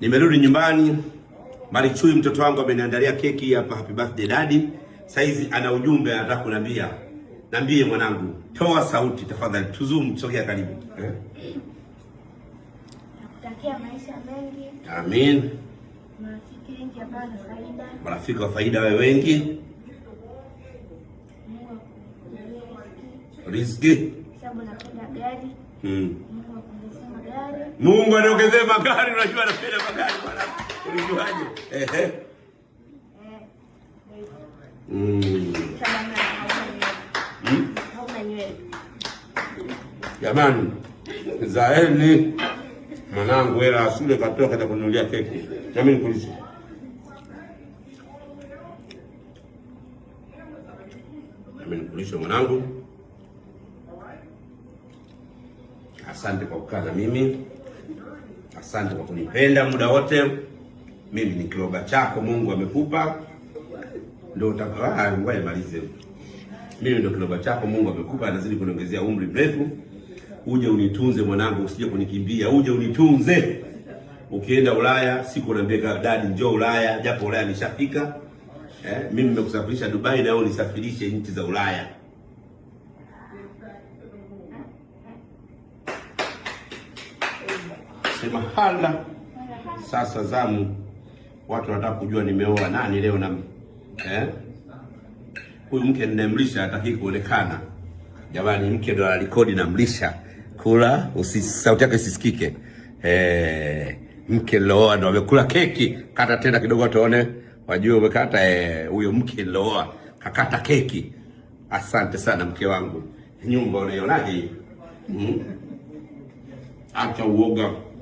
Nimerudi nyumbani, Marichui mtoto wangu ameniandalia keki hapa, happy birthday daddy. Saizi ana ujumbe anataka kuniambia. Niambie mwanangu, toa sauti tafadhali, tuzumu, sogea karibu eh? Nakutakia maisha mengi. Amin. Marafiki wengi ambao ni faida. Marafiki wa faida wewe wengi. Riziki. Sababu napenda gari. Mm. Mungu aniongezee magari, unajua anapenda magari bwana. Unajuaje? Ehe. Mm. Jamani, zaeni mwanangu hela ya shule katoa kaenda kununulia keki. mimi nikulishe. Na mimi mwanangu. Asante kwa kukaa na mimi. Asante kwa kunipenda muda wote. Mimi ni kiroba chako, Mungu amekupa ndio malize. Mimi ndio kiroba chako, Mungu amekupa, anazidi kuniongezea umri mrefu. Uje unitunze mwanangu, usije kunikimbia, uje unitunze. Ukienda Ulaya siku unaambia dadi, njoo Ulaya, japo Ulaya nishafika. Eh, mimi nimekusafirisha Dubai na wewe unisafirishe nchi za Ulaya sema hala. Sasa zamu watu wanataka kujua nimeoa nani leo na eh? Huyu mke ninamlisha hataki kuonekana. Jamani, mke ndo na mlisha kula sauti yake isisikike. Eh, mke loa ndo amekula keki, kata tena kidogo watu wajue umekata. Eh, huyo eh, mke loa kakata keki. Asante sana mke wangu, nyumba unaionaje hii? Hmm? Acha uoga.